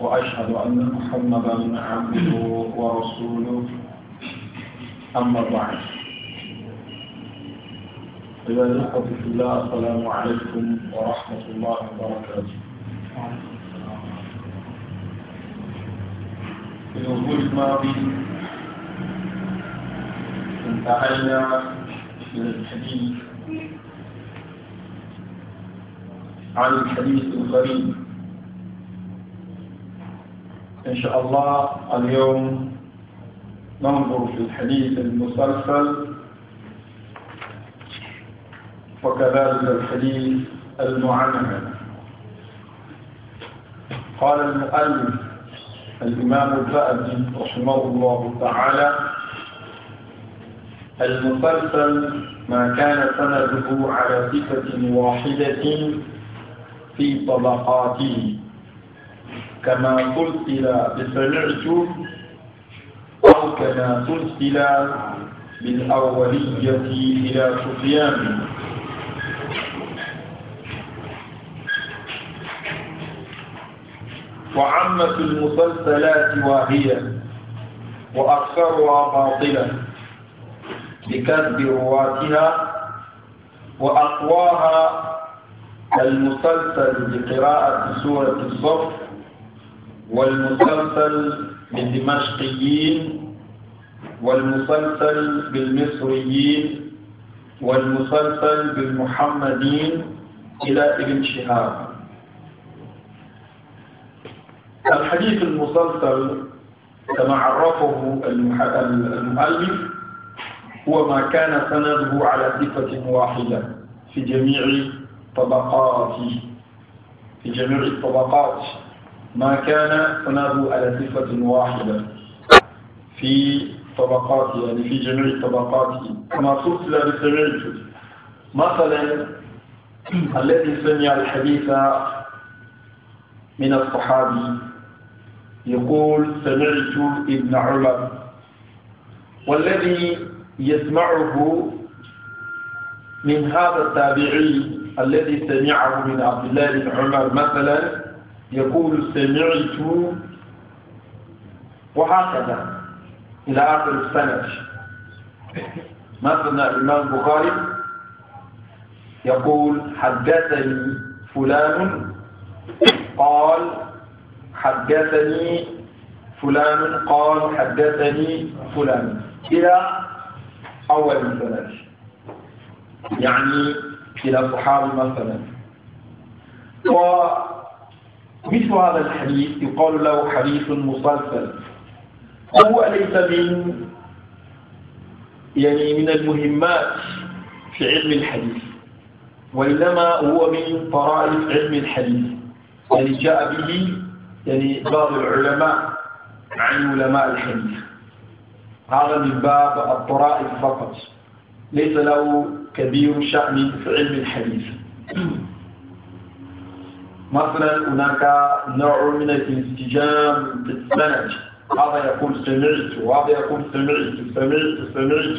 وأشهد أن محمدا عبده ورسوله أما بعد أيها الأخوة في الله السلام عليكم ورحمة الله وبركاته في الأسبوع الماضي انتهينا من الحديث عن الحديث الغريب إن شاء الله اليوم ننظر في الحديث المسلسل وكذلك الحديث المعنم قال المؤلف الإمام الفأدي رحمه الله تعالى المسلسل ما كان سنده على صفة واحدة في طبقاته كما تمثل بسمعت أو كما من بالأولية إلى سفيان وعمة المسلسلات واهية وأكثرها باطلة بكذب رواتها وأقواها المسلسل بقراءة سورة الصف والمسلسل بالدمشقيين والمسلسل بالمصريين والمسلسل بالمحمدين إلى ابن شهاب الحديث المسلسل كما عرفه المؤلف هو ما كان سنده على صفة واحدة في جميع طبقاته في جميع الطبقات ما كان ثناه على صفة واحدة في طبقاته يعني في جميع طبقاته كما فصل بسرعته مثلا الذي سمع الحديث من الصحابي يقول سمعت ابن عمر والذي يسمعه من هذا التابعي الذي سمعه من عبد الله بن عمر مثلا يقول سمعت وهكذا إلى آخر السند مثلا الإمام البخاري يقول حدثني فلان قال حدثني فلان قال حدثني فلان إلى أول السند يعني إلى صحابي مثلا مثل هذا الحديث يقال له حديث مسلسل وهو ليس من يعني من المهمات في علم الحديث وإنما هو من طرائف علم الحديث يعني جاء به يعني بعض العلماء عن علماء الحديث هذا من باب الطرائف فقط ليس له كبير شأن في علم الحديث مثلا هناك نوع من الانسجام بالسند هذا يقول سمعت وهذا يقول سمعت سمعت سمعت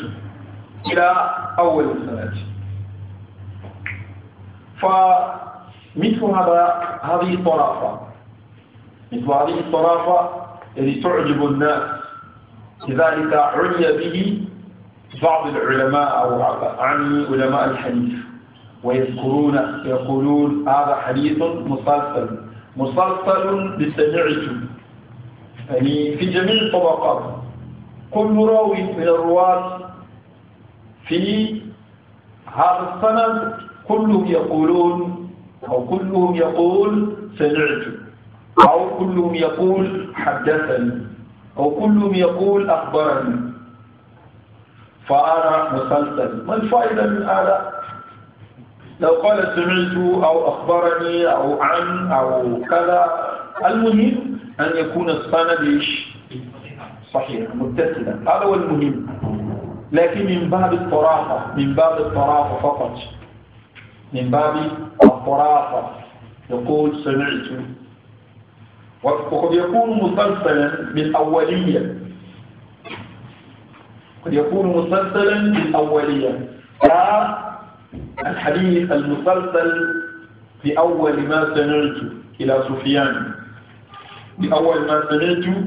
إلى أول السند فمثل هذا هذه الطرافة مثل هذه الطرافة اللي تعجب الناس لذلك عني به بعض العلماء أو عن علماء الحديث ويذكرون يقولون هذا حديث مسلسل مسلسل لسمعته يعني في جميع الطبقات كل راوي من الرواة في هذا السند كلهم يقولون أو كلهم يقول سمعت أو كلهم يقول حدثني أو كلهم يقول أخبرني فأنا مسلسل ما الفائدة من هذا؟ لو قال سمعت أو أخبرني أو عن أو كذا المهم أن يكون السند إيش صحيح متصلا هذا هو المهم لكن من باب الطرافة من باب الطرافة فقط من باب الطرافة يقول سمعت وقد يكون مسلسلا بالأولية قد يكون مسلسلا بالأولية لا الحديث المسلسل في أول ما سمعت إلى سفيان في أول ما سمعت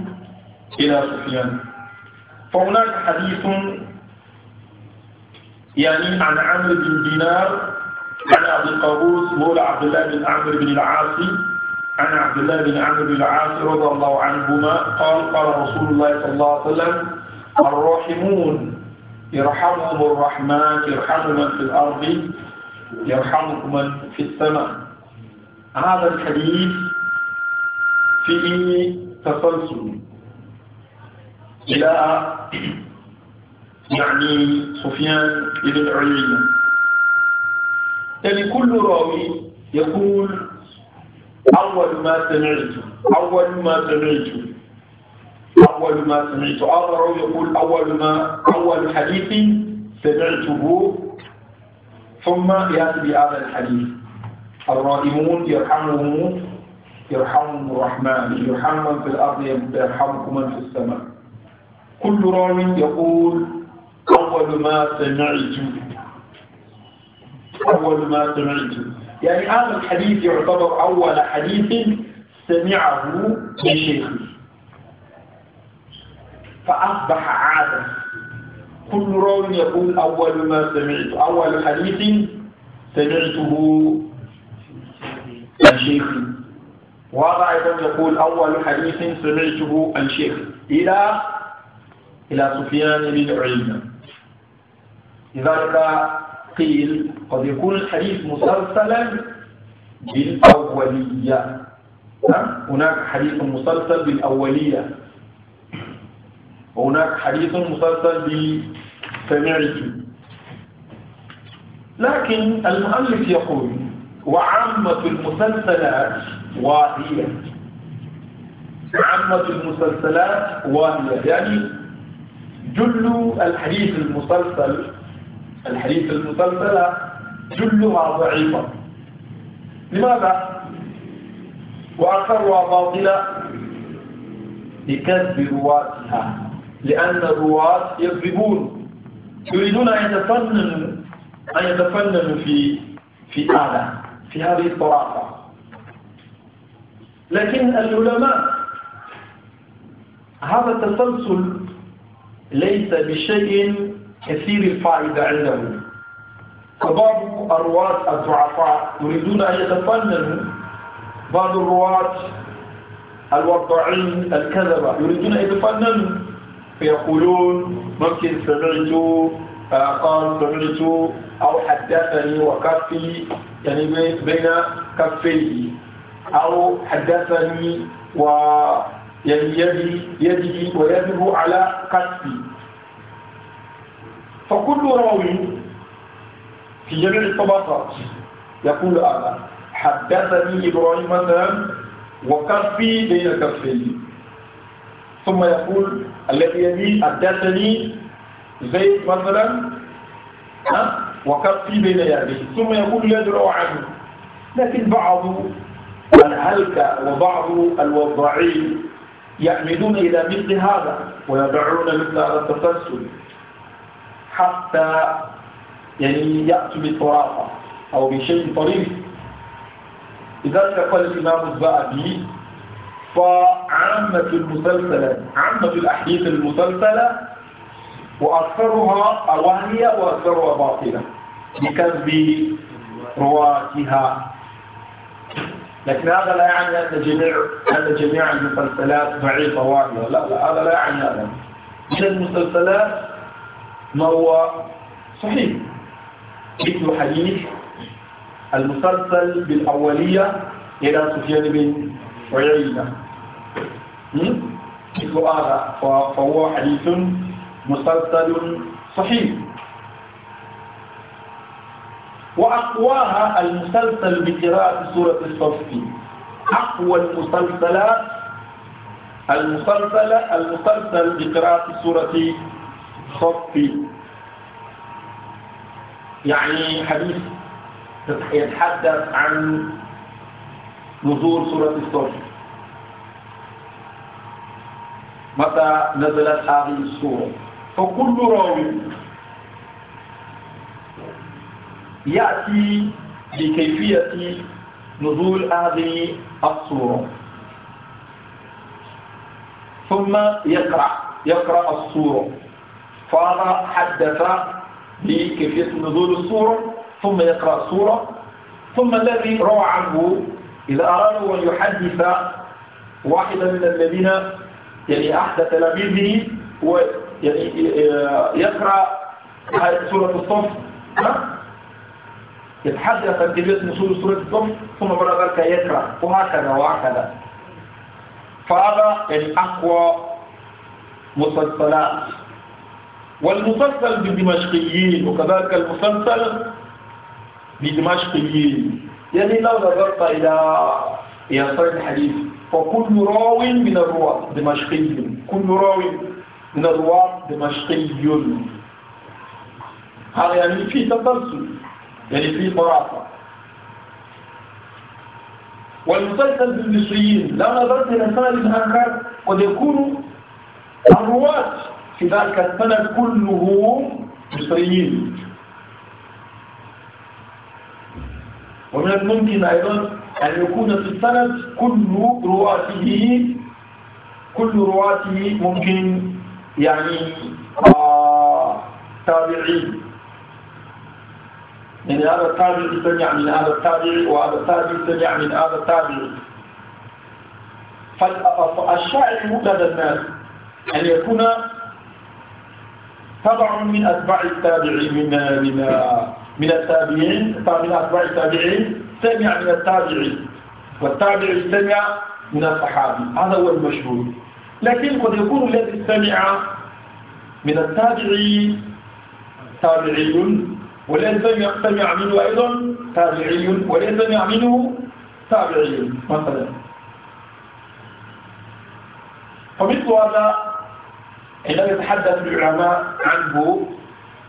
إلى سفيان فهناك حديث يعني عن عمرو بن دينار عن أبي قابوس مولى عبد الله بن عمرو بن العاص عن عبد الله بن عمرو بن العاص رضي الله عنهما قال قال رسول الله صلى الله عليه وسلم الراحمون يرحمكم الرحمن يرحم من في الأرض يرحمكم من في السماء هذا الحديث فيه تسلسل إلى يعني سفيان بن عيينة يعني كل راوي يقول أول ما سمعت أول ما سمعت أول ما سمعت آخر يقول أول ما أول حديث سمعته ثم يأتي بهذا الحديث الرائمون يرحمهم يرحمهم الرحمن يرحم من في الأرض يرحمكم من في السماء كل رائم يقول أول ما سمعت أول ما سمعت يعني هذا الحديث يعتبر أول حديث سمعه من شيخه فأصبح عادة كل راو يقول أول ما سمعت أول حديث سمعته الشيخ وهذا أيضا يقول أول حديث سمعته الشيخ إلى إلى سفيان بن عيينة لذلك قيل قد يكون الحديث مسلسلا بالأولية نعم، هناك حديث مسلسل بالأولية وهناك حديث مسلسل بسمعه لكن المؤلف يقول وعامة المسلسلات واهية عامة المسلسلات واهية يعني جل الحديث المسلسل الحديث المسلسلة جلها ضعيفة لماذا؟ وأكثرها باطلة لكذب رواتها لأن الرواة يكذبون يريدون أن يتفننوا أن يتفننوا في في هذا في هذه الطرافة لكن العلماء هذا التسلسل ليس بشيء كثير الفائدة عندهم فبعض الرواة الضعفاء يريدون أن يتفننوا بعض الرواة الوضعين الكذبة يريدون أن يتفننوا فيقولون ممكن سمعت آه، قال سمعت أو حدثني وكفي يعني بين كفيه أو حدثني و يعني يدي يدي ويده على كفي فكل راوي في جميع الطبقات يقول هذا حدثني إبراهيم مثلا وكفي بين كفيه ثم يقول الذي يلي أدتني زيد مثلا وكفي بين يديه ثم يقول يدرع عنه لكن بعض الهلكة وبعض الوضعين يعمدون إلى مثل هذا ويدعون مثل هذا التسلسل حتى يعني يأتوا بالطرافة أو بشيء طريف لذلك قال الإمام الزعبي فعامة المسلسلات عامة الأحاديث المسلسلة وأكثرها أوانية وأكثرها باطلة بكذب رواتها لكن هذا لا يعني أن جميع أن جميع المسلسلات ضعيفة واحدة لا لا هذا لا يعني هذا من المسلسلات ما هو صحيح مثل حديث المسلسل بالأولية إلى سفيان بن ويعيده مثل هذا فهو حديث مسلسل صحيح وأقواها المسلسل بقراءة سورة الصف أقوى المسلسلات المسلسل المسلسل بقراءة سورة الصف يعني حديث يتحدث عن نزول سورة الصور متى نزلت هذه السورة فكل راوي يأتي بكيفية نزول هذه السورة ثم يقرأ يقرأ السورة فهذا حدث بكيفية نزول السورة ثم يقرأ السورة ثم الذي روى عنه إذا أرادوا أن يحدث واحدا من الذين يعني أحد تلاميذه هو يعني آه، يقرأ آية سورة الصف يتحدث عن تلبية نصوص سورة الصف ثم بعد ذلك يقرأ وهكذا وهكذا فهذا من يعني أقوى مسلسلات والمسلسل بالدمشقيين وكذلك المسلسل بالدمشقيين يعني لو نظرت إلى إلى الحديث فكل راو من الرواة دمشقي كل راو من الرواة دمشقي هذا يعني فيه تسلسل يعني فيه مرافة والمسلسل بالمصريين لو نظرت إلى سنة آخر قد يكون الرواة في ذلك السنة كلهم مصريين ومن الممكن أيضا أن يكون في السند كل رواته كل رواته ممكن يعني آه تابعين يعني هذا التابع يستمع من هذا التابع وهذا التابع يستمع من هذا التابع فالشاعر مبتدا الناس أن يكون تبع من أتباع التابعين من من من التابعين من أتباع التابعين سمع من التابعين والتابع سمع من الصحابي هذا هو المشهور لكن قد يكون الذي سمع من التابعي تابعي وليس سمع منه أيضا تابعي وليس سمع منه تابعي مثلا فمثل هذا عندما يتحدث العلماء عنه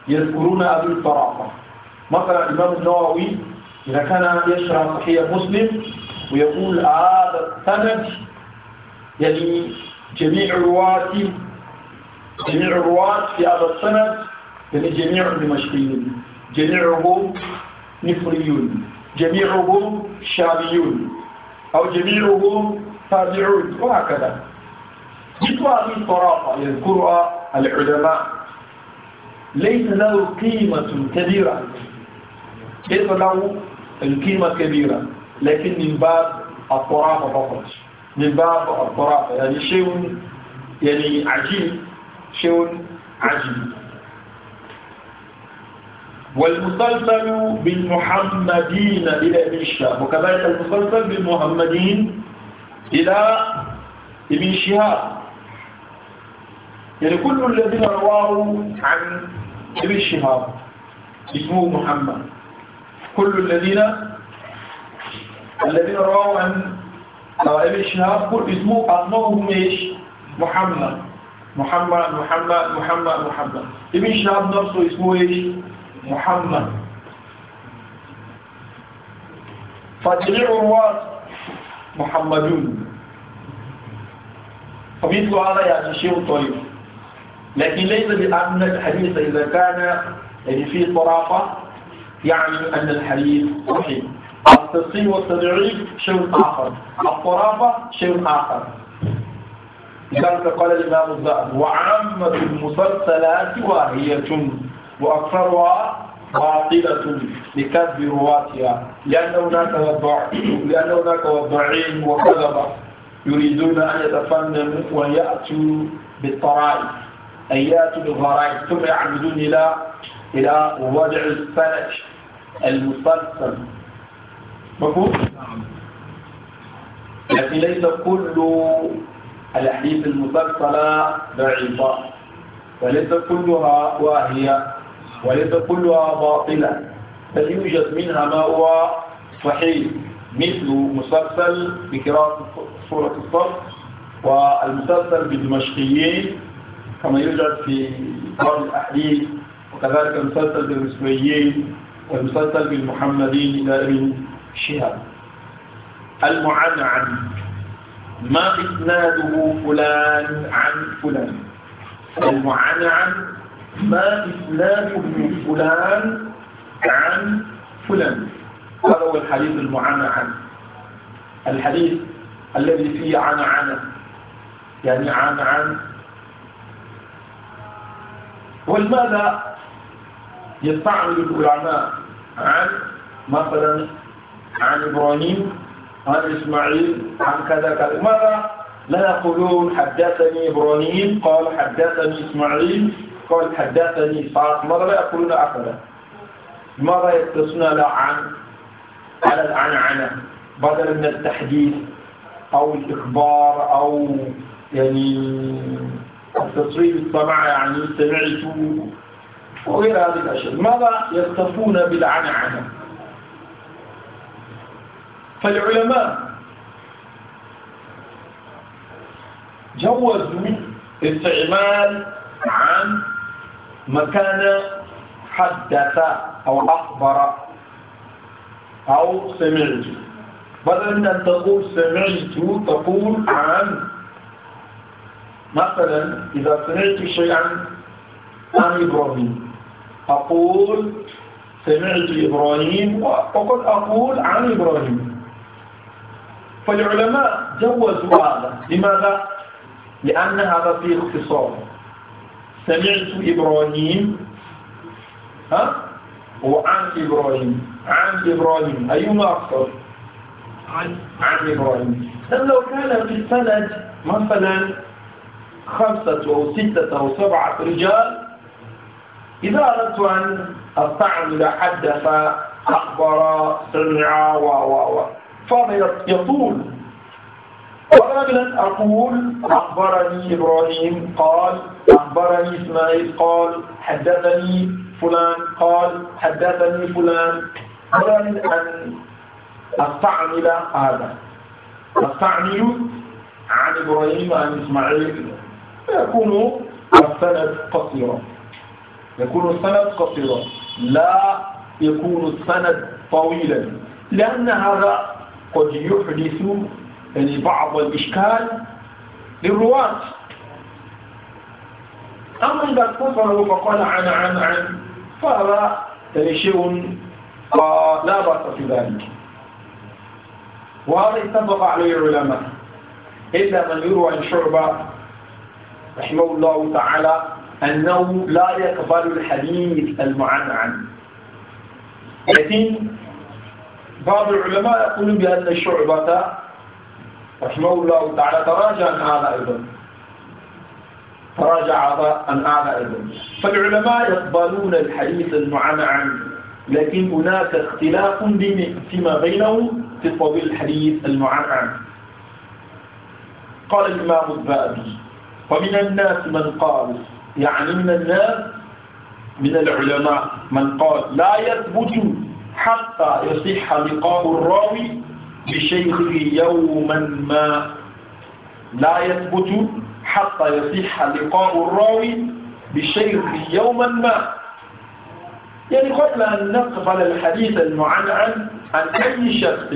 يذكرون أبي الطرافة مثلا الإمام النووي إذا كان يشرح صحية مسلم ويقول هذا السند يعني جميع الرواة جميع الرواة في هذا السند يعني جميع الدمشقيين جميعهم نفريون جميعهم شاميون أو جميعهم تابعون وهكذا مثل هذه الطرافة يذكرها العلماء ليس له قيمة كبيرة ليس له القيمة كبيرة لكن من باب الطرافة فقط من باب الطرافة يعني شيء يعني عجيب شيء عجيب والمسلسل بالمحمدين إلى ابن شهاب وكذلك المسلسل بالمحمدين إلى ابن شهاب يعني كل الذين رواه عن ابن شهاب اسمه محمد كل الذين الذين رووا عن ابن شهاب كل اسمه اسمهم ايش محمد محمد محمد محمد محمد ابن شهاب نفسه اسمه ايش محمد فجميع الرواة محمدون فمثل هذا يعني شيء طيب لكن ليس بأن الحديث إذا كان يعني فيه طرافة يعني أن الحديث صحيح التصحيح والتضعيف شيء آخر الطرافة شيء آخر لذلك قال الإمام الزهر وعامة المسلسلات واهية وأكثرها باطلة لكذب رواتها لأن هناك وضع لأن هناك وضعين وكذبة يريدون أن يتفننوا ويأتوا بالطرائف أن يأتوا بالغرائب ثم يعمدون إلى إلى وضع الفرج المفصل مفهوم؟ نعم. لكن ليس كل الأحاديث المفصلة ضعيفة وليس كلها واهية وليس كلها باطلة بل يوجد منها ما هو صحيح مثل مسلسل بقراءة سورة الصف والمسلسل بالدمشقيين كما يوجد في بعض الأحاديث وكذلك المسلسل بالإسماعيليين والمسلسل بالمحمدين إلى ابن شهاب المعنى عن ما إسناده فلان عن فلان المعنى عن ما إسناده فلان عن فلان هذا هو الحديث المعنى عن الحديث الذي فيه عن عن يعني عن عن والماذا يستعمل العلماء عن مثلا عن إبراهيم عن إسماعيل عن كذا كذا ماذا لا يقولون حدثني إبراهيم قال حدثني إسماعيل قال حدثني إسحاق ماذا لا يقولون أحدا ماذا يقتصون لا عن على العنعنة بدل من التحديث أو الإخبار أو يعني التصوير السمع يعني سمعت وغير هذه الأشياء ماذا يصفون بالعنعنة فالعلماء جوزوا استعمال عن مكان حدث أو أخبر أو سمعت بدل أن تقول سمعت تقول عن مثلا إذا سمعت شيئا عن إبراهيم أقول سمعت إبراهيم وقد أقول عن إبراهيم فالعلماء جوزوا هذا لماذا؟ لأن هذا فيه اختصار سمعت إبراهيم ها؟ وعن إبراهيم عن إبراهيم أيهما أكثر؟ عن عن إبراهيم لأن لو كان في السند مثلا خمسة أو ستة أو سبعة رجال إذا أردت أن أستعمل حدث أخبر سمع و و و فهذا يطول ولكن أقول أخبرني إبراهيم قال أخبرني إسماعيل قال حدثني فلان قال حدثني فلان أريد أن أستعمل هذا أستعمل عن إبراهيم عن إسماعيل فيكون السند قصيرا يكون السند قصيرا لا يكون السند طويلا لأن هذا قد يحدث يعني بعض الإشكال للرواة أما إذا اتصلوا فقال عن عن عن فهذا يعني شيء آه، لا بأس في ذلك وهذا اتفق عليه العلماء إلا من يروى عن شعبة رحمه الله تعالى أنه لا يقبل الحديث المعنعن لكن بعض العلماء يقولون بأن الشعبة رحمه الله تعالى تراجع عن هذا أيضا تراجع عن هذا أيضا فالعلماء يقبلون الحديث المعنعن لكن هناك اختلاف فيما بينهم في طويل الحديث المعنعن قال الإمام الذهبي ومن الناس من قال يعني من الناس من العلماء من قال لا يثبت حتى يصح لقاء الراوي بشيخه يوما ما لا يثبت حتى يصح لقاء الراوي بشيخه يوما ما يعني قبل أن على الحديث المعنعن عن أي شخص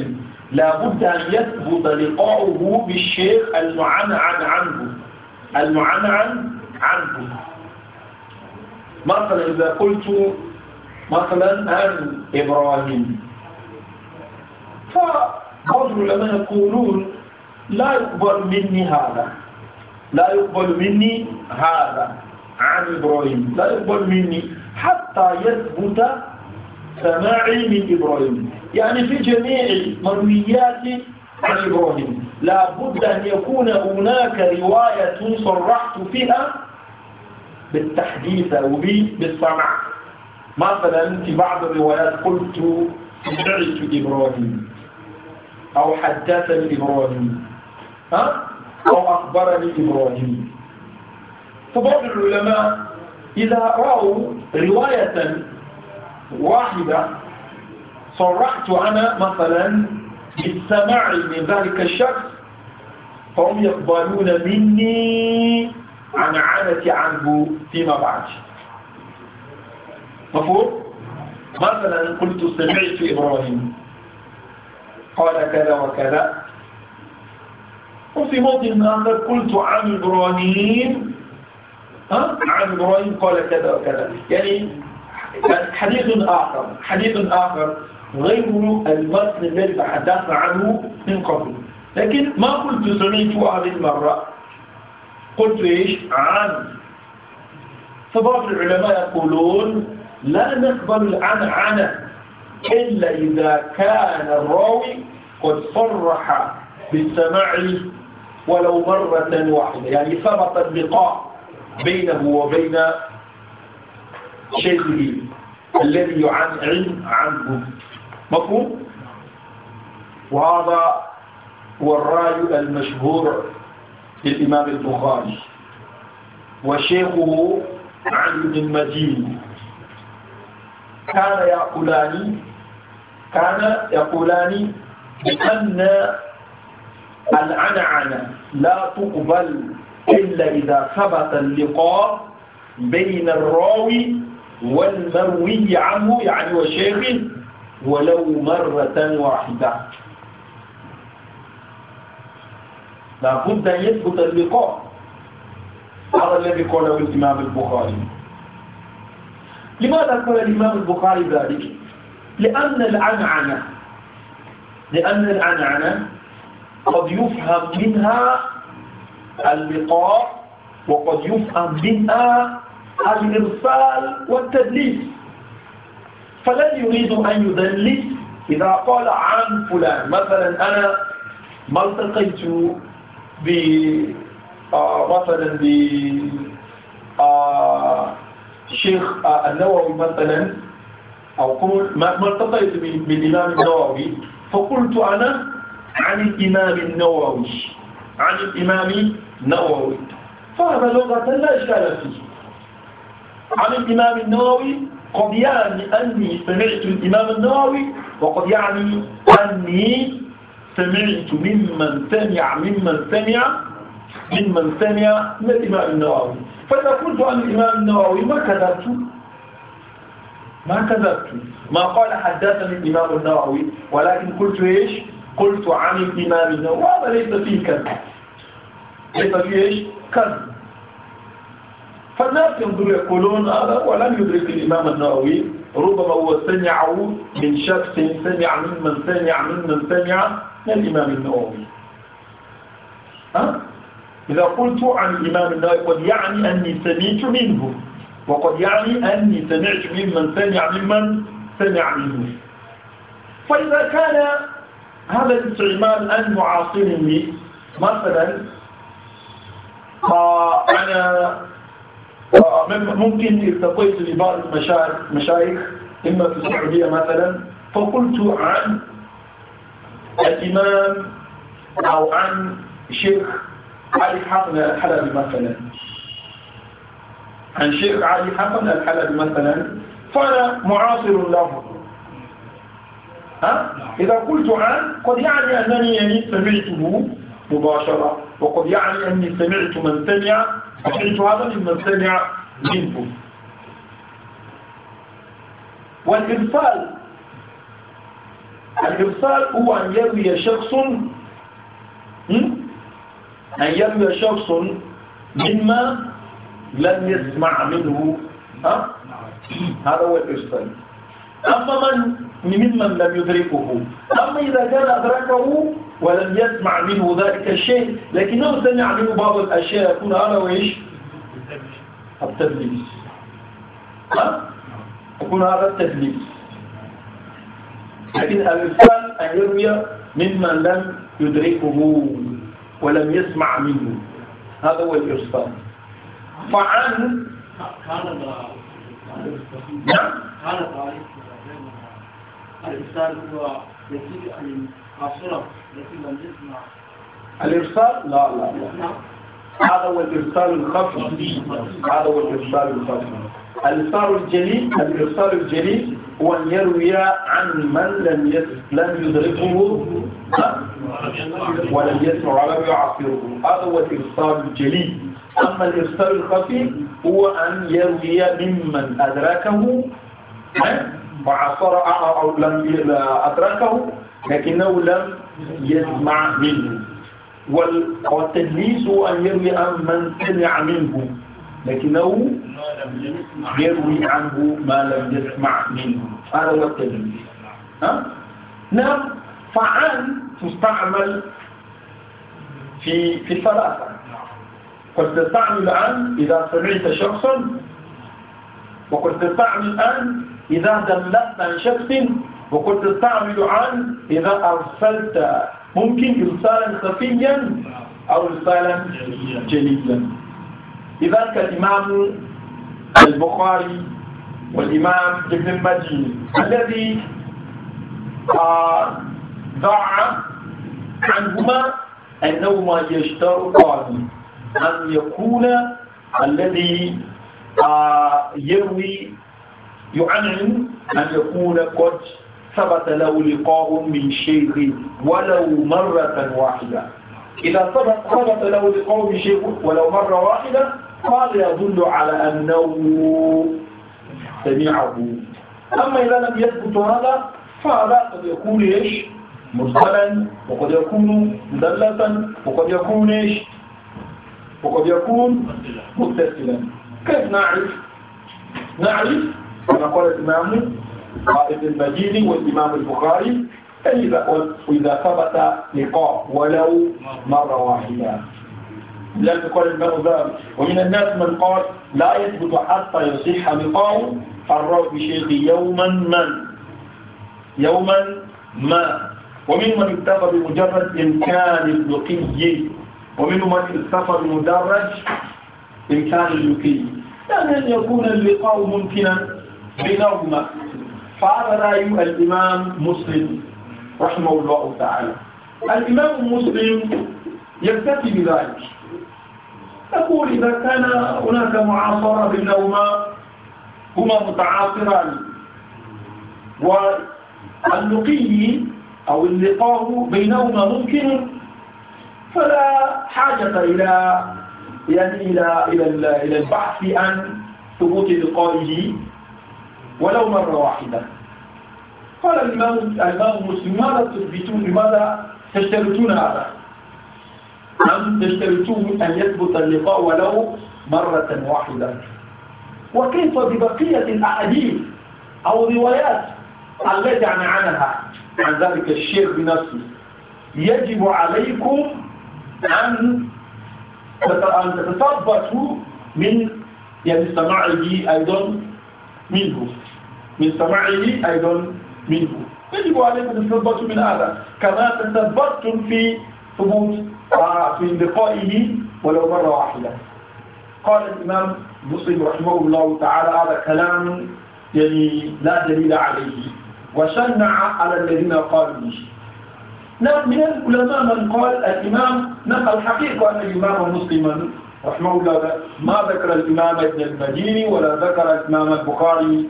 لا بد أن يثبت لقاؤه بالشيخ المعنعن عنه المعنعن عنه مثلا إذا قلت مثلا عن إبراهيم فبعض العلماء يقولون لا يقبل مني هذا لا يقبل مني هذا عن إبراهيم لا يقبل مني حتى يثبت سماعي من إبراهيم يعني في جميع مرويات عن إبراهيم لا بد أن يكون هناك رواية صرحت فيها بالتحديث أو بالسمع مثلا في بعض الروايات قلت سمعت إبراهيم أو حدثني إبراهيم ها؟ أو أخبرني إبراهيم فبعض العلماء إذا رأوا رواية واحدة صرحت أنا مثلا بالسماع من ذلك الشخص فهم يقبلون مني عن عنعنة عنه فيما بعد مفهوم؟ مثلا قلت سمعت إبراهيم قال كذا وكذا وفي موضع آخر قلت عن إبراهيم ها؟ عن إبراهيم قال كذا وكذا يعني حديث آخر حديث آخر غير المثل الذي تحدثنا عنه من قبل لكن ما قلت سمعت هذه المرة قلت إيش عن فبعض العلماء يقولون لا نقبل العن عنه إلا إذا كان الراوي قد صرح بالسماع ولو مرة واحدة يعني ثبت اللقاء بينه وبين شيخه الذي يعن علم عنه مفهوم؟ وهذا هو الراي المشهور للإمام البخاري وشيخه علي بن المدين كان يقولان كان يقولان بأن العنعنة لا تقبل إلا إذا ثبت اللقاء بين الراوي والمروي عنه يعني وشيخه ولو مرة واحدة لابد أن يثبت اللقاء هذا الذي قاله الإمام البخاري لماذا قال الإمام البخاري ذلك؟ لأن العنعنة لأن العنعنة قد يفهم منها اللقاء وقد يفهم منها الإرسال والتدليس فلن يريد أن يدلس إذا قال عن فلان مثلا أنا ما التقيت ب آه، مثلا ب آه، شيخ آه، النووي مثلا أو قول ما ارتضيت بالإمام النووي فقلت أنا عن الإمام النووي عن الإمام النووي فهذا لغة لا إشكال فيه عن الإمام النووي قد يعني أني سمعت الإمام النووي وقد يعني أني سمعت ممن سمع ممن سمع ممن سمع من الإمام النووي فإذا قلت عن الإمام النووي ما كذبت ما كذبت ما قال حدثني الإمام النووي ولكن قلت إيش قلت عن الإمام النووي وهذا ليس فيه كذب ليس فيه إيش كذب فالناس ينظر يقولون هذا ولم يدرك الإمام النووي ربما هو سمعه من شخص سمع ممن سمع ممن سمع من الإمام النووي ها؟ إذا قلت عن الإمام النووي قد يعني أني سمعت منه وقد يعني أني سمعت ممن سمع ممن سمع منه فإذا كان هذا الاستعمال أن معاصرني مثلا أنا ممكن التقيت لبعض المشايخ إما في السعودية مثلا فقلت عن الإمام أو عن شيخ علي حسن الحلبي مثلا عن شيخ علي حسن الحلبي مثلا فأنا معاصر له ها؟ إذا قلت عن قد يعني أنني يعني سمعته مباشرة وقد يعني أني سمعت من سمع سمعت هذا من سمع منه والإرسال الإرسال هو أن يروي شخص أن يروي شخص مما لم يسمع منه ها؟ هذا هو الإرسال أما من ممن لم يدركه أما إذا كان أدركه ولم يسمع منه ذلك الشيء لكنه سمع منه بعض الأشياء يكون هذا وإيش التدليس يكون هذا التدليس حديث أبي أن يروي ممن لم يدركه ولم يسمع منه هذا هو الإرسال فعن نعم هذا تعريف الإرسال هو يسير عن الصورة التي لم يسمع الإرسال لا لا لا نعم. هذا هو الإرسال الخفي هذا هو الإرسال الخفي الإرسال الجليل الإرسال الجليل هو أن يروي عن من لم لم يدركه ولم يسمع ولم يعصره هذا هو الإرسال الجليل أما الإرسال الخفي هو أن يروي ممن أدركه وعصر أو لم أدركه لكنه لم يسمع منه والتدليس أن يروي عن من سمع منه لكنه يروي عنه ما لم يسمع منه هذا هو التدليس نعم فعن تستعمل في في الثلاثة قد تستعمل عن إذا سمعت شخصا وقد تستعمل عن إذا دلت عن شخص وقد تستعمل عن إذا أرسلت ممكن إرسالا خفيا أو إرسالا جليا إذا كالإمام البخاري والإمام ابن المدين الذي ضاع آه، عنهما أنهما يشترطان أن يكون الذي آه، يروي يعلم أن يكون قد ثبت له لقاء من شيخ ولو مرة واحدة إذا ثبت ثبت له لقاء من شيخ ولو مرة واحدة قال يدل على أنه سمعه أما إذا لم يثبت هذا فهذا قد يكون إيش مرسلا وقد يكون مدلسا وقد يكون إيش وقد يكون متصلا كيف نعرف نعرف كما قال الإمام ابن المجيد والإمام البخاري فإذا وإذا ثبت لقاء ولو مرة واحدة لم يقل الإمام ومن الناس من قال لا يثبت حتى يصح لقاء الرب شيخ يوما ما يوما ما ومن من اكتفى بمجرد إمكان اللقي ومن من اكتفى بمدرج إمكان اللقي لأن يعني يكون اللقاء ممكنا بنظمة قال رأي الإمام مسلم رحمه الله تعالى الإمام مسلم يكتفي بذلك يقول إذا كان هناك معاصرة بينهما هما متعاصران واللقي أو اللقاء بينهما ممكن فلا حاجة إلى يعني إلى إلى إلى البحث عن ثبوت لقائه ولو مرة واحدة قال الإمام مسلم ماذا تثبتون لماذا تشترطون هذا أم تشترطون أن يثبت اللقاء ولو مرة واحدة وكيف ببقية الأحاديث أو الروايات التي عن عنها عن ذلك الشيخ بنفسه يجب عليكم أن تتثبتوا من يعني سماعه أيضا منه من سماعه أيضا منه يجب عليكم تثبتوا من هذا كما تثبتتم في ثبوت آه، في لقائه ولو مرة واحدة قال الإمام مسلم رحمه الله تعالى هذا كلام يعني لا دليل عليه وشنع على الذين قالوا به نعم، من العلماء من قال الإمام نقل حقيقة أن الإمام مسلما رحمه الله ما ذكر الإمام ابن المديني ولا ذكر الإمام البخاري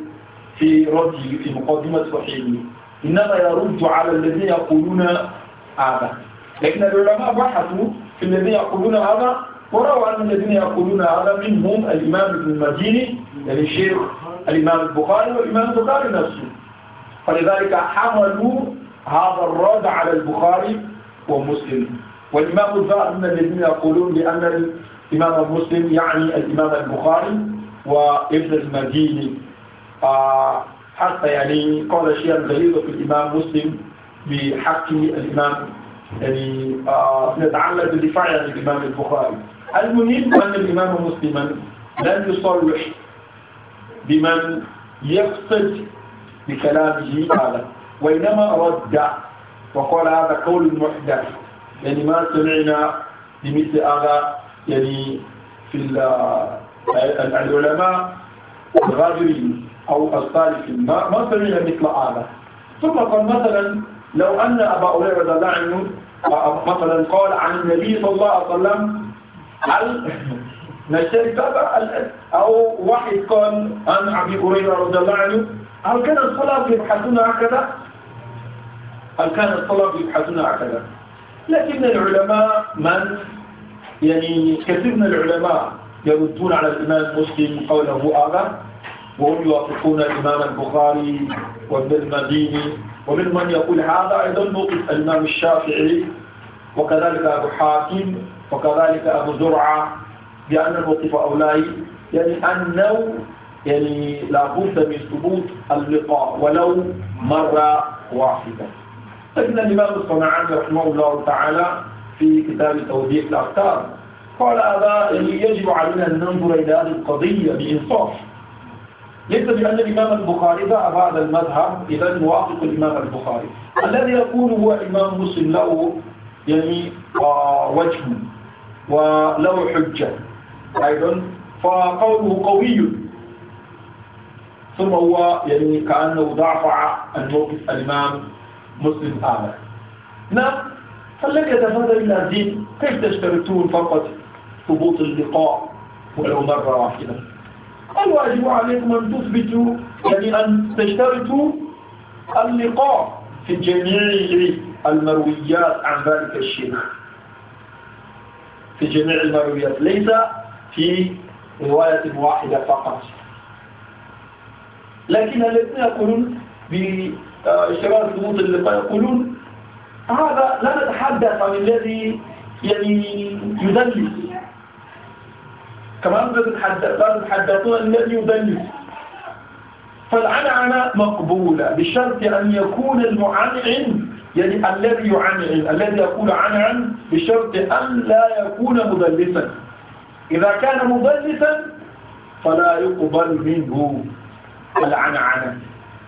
في رده في مقدمة صحيحه إنما يرد على الذين يقولون هذا لكن العلماء بحثوا في الذين يقولون هذا ورأوا أن الذين يقولون هذا منهم الإمام ابن المديني يعني الشيخ الإمام البخاري والإمام البخاري نفسه فلذلك حملوا هذا الرد على البخاري ومسلم والإمام الظاهر من الذين يقولون بأن الإمام مسلم يعني الإمام البخاري وابن المديني آه، حتى يعني قال شيئا غريبا في الإمام مسلم بحق الإمام يعني يتعلق آه، بالدفاع عن الإمام البخاري المهم أن الإمام مسلما لم يصرح بمن يقصد بكلامه هذا وإنما رد وقال هذا قول محدث يعني ما سمعنا بمثل هذا يعني في آه، العلماء الغادرين أو في ما ما سمع مثل هذا ثم قال مثلا لو أن أبا هريرة رضي الله عنه مثلا قال عن النبي صلى الله عليه وسلم هل نشتري بابا أو واحد قال عن أبي هريرة رضي الله عنه هل كان الصلاة يبحثون هكذا؟ هل كان الصلاة يبحثون هكذا؟ لكن العلماء من يعني كثير من العلماء يردون على الإمام المسلم قوله هذا وهم يوافقون الإمام البخاري المديني ومن من يقول هذا أيضا موقف الإمام الشافعي وكذلك أبو حاتم وكذلك أبو زرعة بأن الموقف أولاي يعني أنه يعني لابد من ثبوت اللقاء ولو مرة واحدة لكن الإمام الصنعاني رحمه الله تعالى في كتاب توضيح الأفكار قال هذا يعني يجب علينا أن ننظر إلى هذه القضية بإنصاف ليس بأن الإمام البخاري ذهب هذا المذهب إذا يوافق الإمام البخاري الذي يقول هو إمام مسلم له يعني آه، وجه وله حجة أيضا فقوله قوي ثم هو يعني كأنه ضعف عن موقف الإمام مسلم هذا نعم فلك يتفادى إلى الدين كيف تشترطون فقط ثبوت اللقاء ولو مرة واحدة الواجب عليكم أن تثبتوا يعني أن تشترطوا اللقاء في جميع المرويات عن ذلك الشيخ في جميع المرويات ليس في رواية واحدة فقط لكن الذين يقولون باشتراك ثبوت اللقاء يقولون هذا لا نتحدث عن الذي يعني يدلس كمان لازم الحداثون الذي يدلس فالعنعنة مقبولة بشرط أن يكون المعنعن يعني الذي يعنعن الذي يقول عنعن بشرط أن لا يكون مدلسا إذا كان مدلسا فلا يقبل منه العنعنة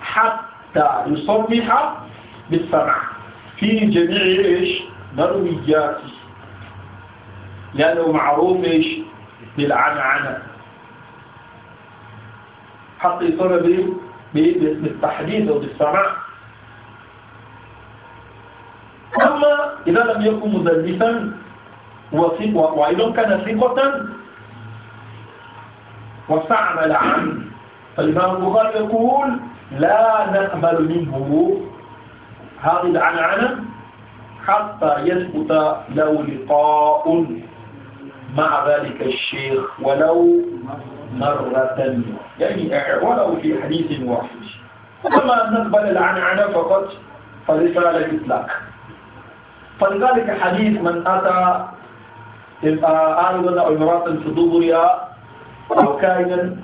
حتى يصبح بالسمع في جميع إيش مروياته لأنه معروف إيش بالعنعنة حتى يصير بالتحديد أو بالسماع أما إذا لم يكن مدلسا وايضا كان ثقة واستعمل عنه فالإمام البخاري يقول لا نقبل منه هذه العنعنة حتى يثبت له لقاء مع ذلك الشيخ ولو مرة يعني ولو في حديث واحد وما نقبل العنعنة فقط فرسالة إطلاق فلذلك حديث من أتى آرضا أو امرأة في ظهرها أو كائنا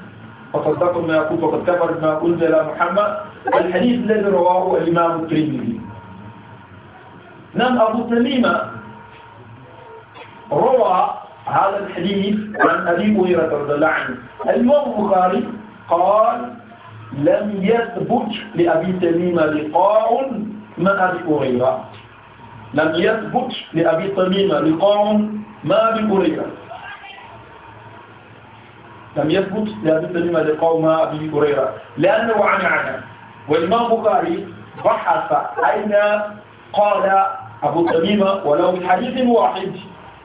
فصدق ما يقول فقد كفر بما أنزل محمد الحديث الذي رواه الإمام الترمذي نعم أبو تميمة روى هذا الحديث عن أبي هريرة رضي الله عنه الإمام البخاري قال لم يثبت لأبي تميم لقاء مع أبي هريرة لم يثبت لأبي تميم لقاء مع أبي هريرة لم يثبت لأبي تميم لقاء مع أبي هريرة لأنه عن عنا والإمام البخاري بحث أين قال أبو تميم ولو بحديث واحد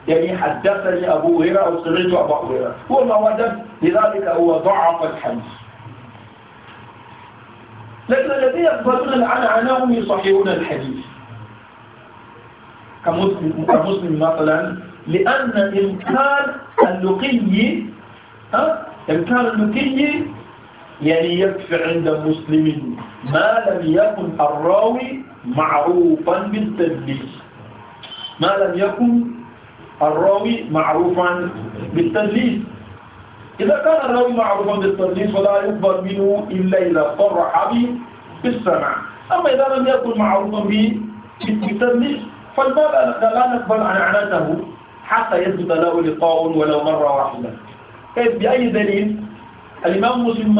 يعني حدثني أبو هريرة أو سمعت أبو هريرة هو ما وجد لذلك هو ضعف الحديث لكن الذين يقبلون العنعنة هم يصححون الحديث كمسلم, كمسلم مثلا لأن إمكان اللقي ها إمكان اللقي يعني يكفي عند مسلم ما لم يكن الراوي معروفا بالتدليس ما لم يكن الراوي معروفا بالتدليس إذا كان الراوي معروفا بالتدليس فلا يقبل منه إلا إذا صرح به بالسمع أما إذا لم يكن معروفا بالتدليس فالباب لا نقبل عناته حتى يثبت له لقاء ولو مرة واحدة كيف طيب، بأي دليل الإمام مسلم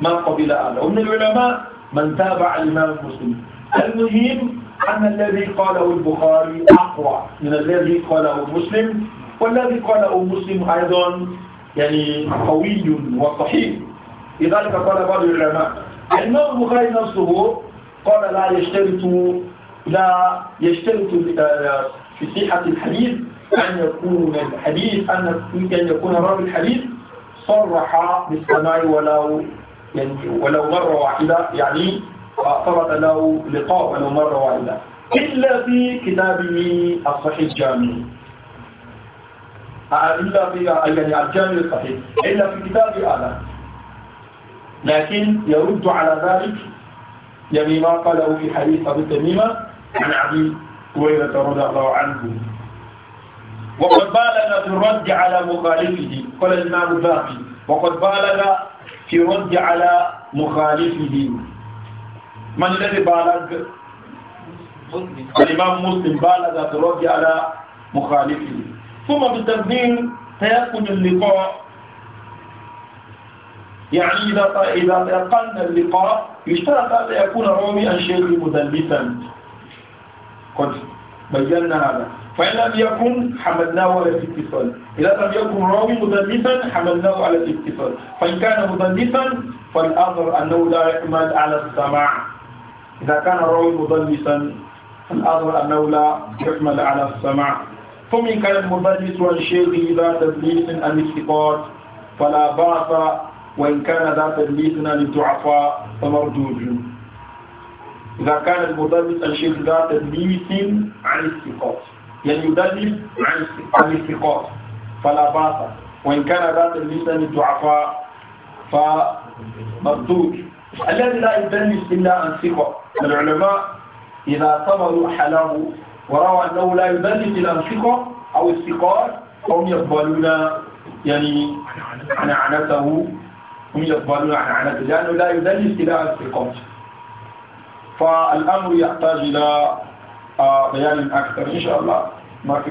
ما قبل هذا ومن العلماء من تابع الإمام مسلم المهم أن الذي قاله البخاري أقوى من الذي قاله مسلم والذي قاله مسلم أيضا يعني قوي وصحيح لذلك قال بعض العلماء الإمام البخاري نفسه قال لا يشترط لا يشترط آه، في صحة الحديث أن يكون الحديث أن يكون راوي الحديث صرح بالسماع ولو يعني ولو مرة واحدة يعني واعترض له لقاء له مرة واحدة إلا في كتابه الصحيح الجامع آه، إلا في يعني الجامع الصحيح إلا في كتاب هذا لكن يرد على ذلك يعني ما قاله في حديث أبي تميمة عن أبي هريرة رضي الله عنه وقد بالغ في الرد على مخالفه قال الإمام الباقي وقد بالغ في الرد على مخالفه من الذي بالغ الإمام مسلم بالغ تربي على مخالفه ثم بالتنظيم سيكون اللقاء يعني إذا إذا تيقن اللقاء يشترط أن يكون رومي الشيخ مدلسا قد بينا هذا فإن لم يكن حملناه على الاتصال إذا لم يكن رومي مدلسا حملناه على الاتصال فإن كان مدلسا فالأمر أنه لا يحمل على السماع إذا كان الراوي مدلسا فالأمر أنه لا يحمل على السماع فمن كان المدلس والشيخ إذا ذا تدليس أم استقاط فلا بأس وإن كان ذا تدليس للضعفاء فمردود إذا كان المدلس الشيخ ذا تدليس عن استقاط يعني يدلس عن استقاط فلا بأس وإن كان ذا تدليس للضعفاء فمردود الذي لا يدنس إلا عن ثقة العلماء إذا صبروا حلاه ورأوا أنه لا يدنس إلا عن ثقة أو الثقات هم يقبلون يعني عنعنته هم يقبلون عنعنته لأنه لا يدنس إلا عن فالأمر يحتاج إلى آه، بيان أكثر إن شاء الله ما في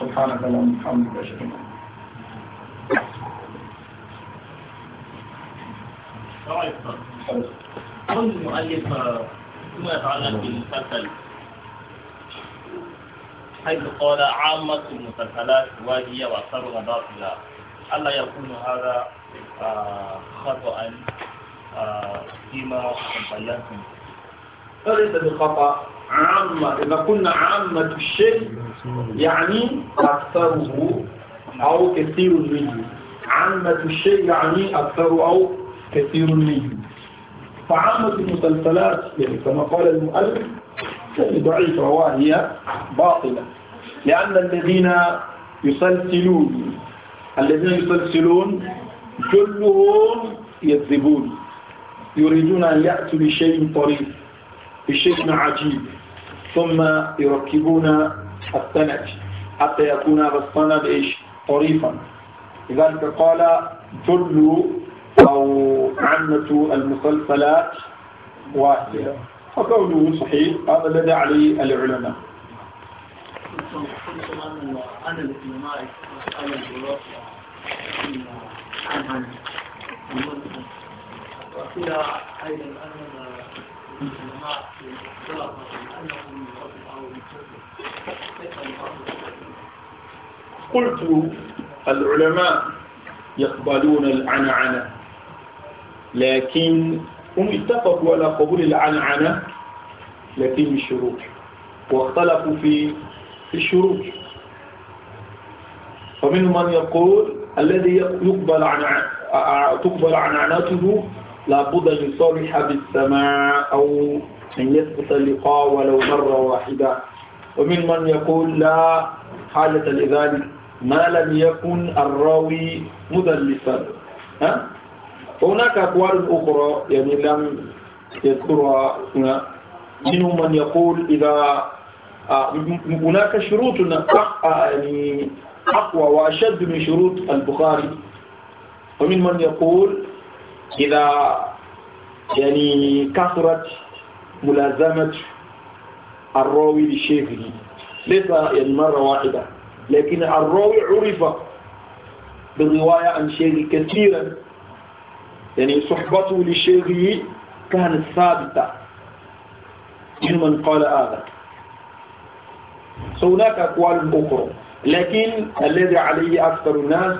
سبحانك اللهم وبحمدك أشهد أن قول المؤلف فيما يتعلق بالمسلسل حيث قال عامة المسلسلات واجية وأكثرها باطلة ألا يكون هذا خطأ فيما بينتم فليس بخطأ عامة إذا قلنا عامة الشيء يعني أكثره أو كثير منه عامة الشيء يعني أكثر يعني أو كثير منهم فعامة المسلسلات يعني كما قال المؤلف يعني ضعيفة وهي باطلة لأن الذين يسلسلون الذين يسلسلون كلهم يكذبون يريدون أن يأتوا بشيء طريف بشيء عجيب ثم يركبون السند حتى يكون هذا السند ايش طريفا لذلك قال كل أو عمة المسلسلات واحدة فقوله صحيح هذا الذي عليه العلماء قلت العلماء يقبلون العنعنة لكن هم اتفقوا على قبول العنعنة لكن بالشروط واختلفوا في في الشروط فمن من يقول الذي يقبل عن تقبل عنعنته لابد أن يصالح بالسماع أو أن يثبت اللقاء ولو مرة واحدة ومن من يقول لا حاجة لذلك ما لم يكن الراوي مدلسا ها هناك أقوال أخرى يعني لم يذكرها هنا منهم من يقول إذا آه، هناك شروط آه، يعني أقوى وأشد من شروط البخاري ومن من يقول إذا يعني كثرت ملازمة الراوي لشيخه ليس يعني مرة واحدة لكن الراوي عرف بالرواية عن شيخه كثيرا يعني صحبته لشيخه كانت ثابتة ممن قال هذا هناك أقوال أخرى لكن الذي عليه أكثر الناس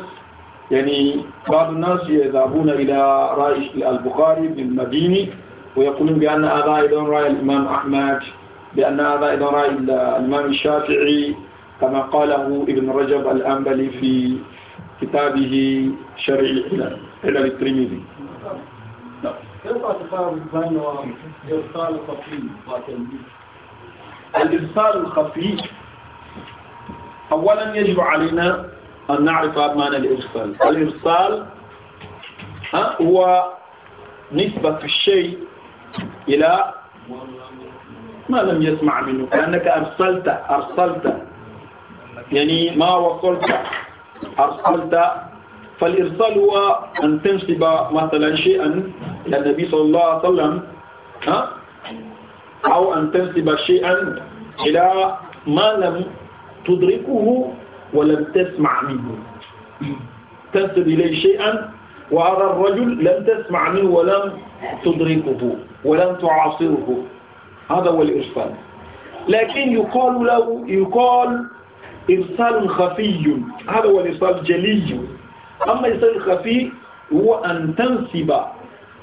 يعني بعض الناس يذهبون إلى رأي البخاري بن المديني ويقولون بأن هذا أيضا رأي الإمام أحمد بأن هذا أيضا رأي الإمام الشافعي كما قاله ابن رجب الأنبلي في كتابه شرع علل الترمذي كيف تفرق الإرسال الخفي الإرسال الخفي أولا يجب علينا أن نعرف معنى الإرسال الإرسال هو نسبة الشيء إلى ما لم يسمع منه كأنك أرسلت أرسلت يعني ما وصلت أرسلت فالإرسال هو أن تنسب مثلا شيئا إلى النبي صلى الله عليه وسلم ها؟ أو أن تنسب شيئا إلى ما لم تدركه ولم تسمع منه تنسب إليه شيئا وهذا الرجل لم تسمع منه ولم تدركه ولم تعاصره هذا هو الإرسال لكن يقال له يقال إرسال خفي هذا هو الإرسال الجلي أما الإنسان الخفي هو أن تنسب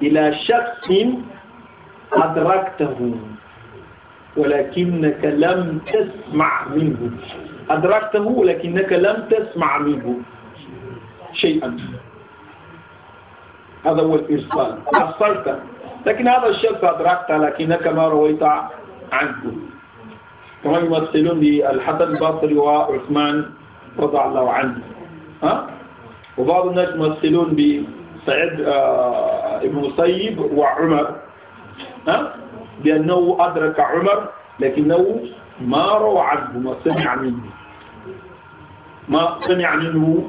إلى شخص أدركته ولكنك لم تسمع منه أدركته ولكنك لم تسمع منه شيئا هذا هو الإرسال أرسلت لكن هذا الشخص أدركته لكنك ما رويت عنه كما يمثلون بالحسن البصري وعثمان رضي الله عنه ها وبعض الناس يمثلون بسعيد آه، آه، ابن مصيب وعمر ها بأنه أدرك عمر لكنه ما روى عنه ما سمع منه ما سمع منه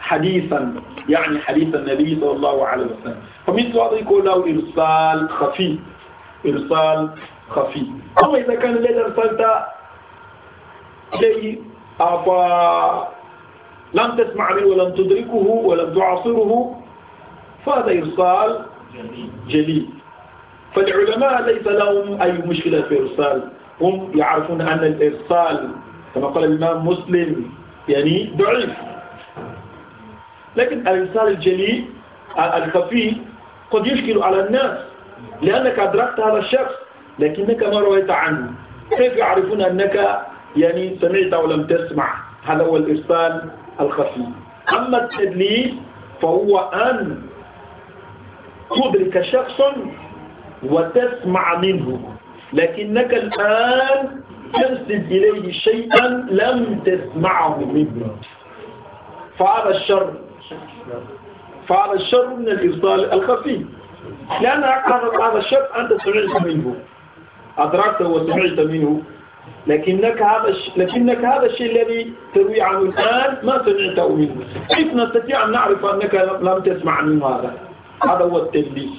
حديثا يعني حديث النبي صلى الله عليه وسلم فمثل هذا يقول له إرسال خفي إرسال خفي أما إذا كان الذي أرسلت شيء أفا لم تسمع به ولم تدركه ولم تعاصره فهذا إرسال جليل فالعلماء ليس لهم أي مشكلة في إرسال هم يعرفون أن الإرسال كما قال الإمام مسلم يعني ضعيف لكن الإرسال الجليل الخفي قد يشكل على الناس لأنك أدركت هذا الشخص لكنك ما رويت عنه كيف يعرفون أنك يعني سمعت ولم تسمع هذا هو الإرسال الخفي أما التدليس فهو أن تدرك شخصا وتسمع منه لكنك الآن تنسب إليه شيئا لم تسمعه منه فعلى الشر فعلى الشر من الإرسال الخفي لأن هذا الشر أنت سمعت منه أدركته وسمعت منه لكنك هذا لكنك هذا الشيء الذي تروي عنه الآن ما سمعته منه كيف نستطيع أن نعرف أنك لم تسمع من هذا هذا هو التلبيس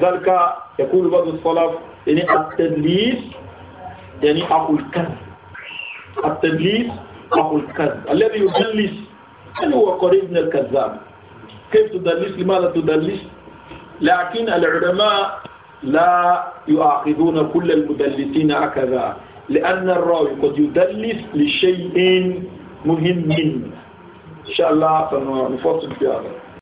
ذلك يقول بعض الصلاه يعني التدليس يعني أخو الكذب التدليس أخو الكذب الذي يدلس هل هو قريب من الكذاب كيف تدلس لماذا تدلس لكن العلماء لا يؤاخذون كل المدلسين هكذا لأن الراوي قد يدلس لشيء مهم إن شاء الله سنفصل في هذا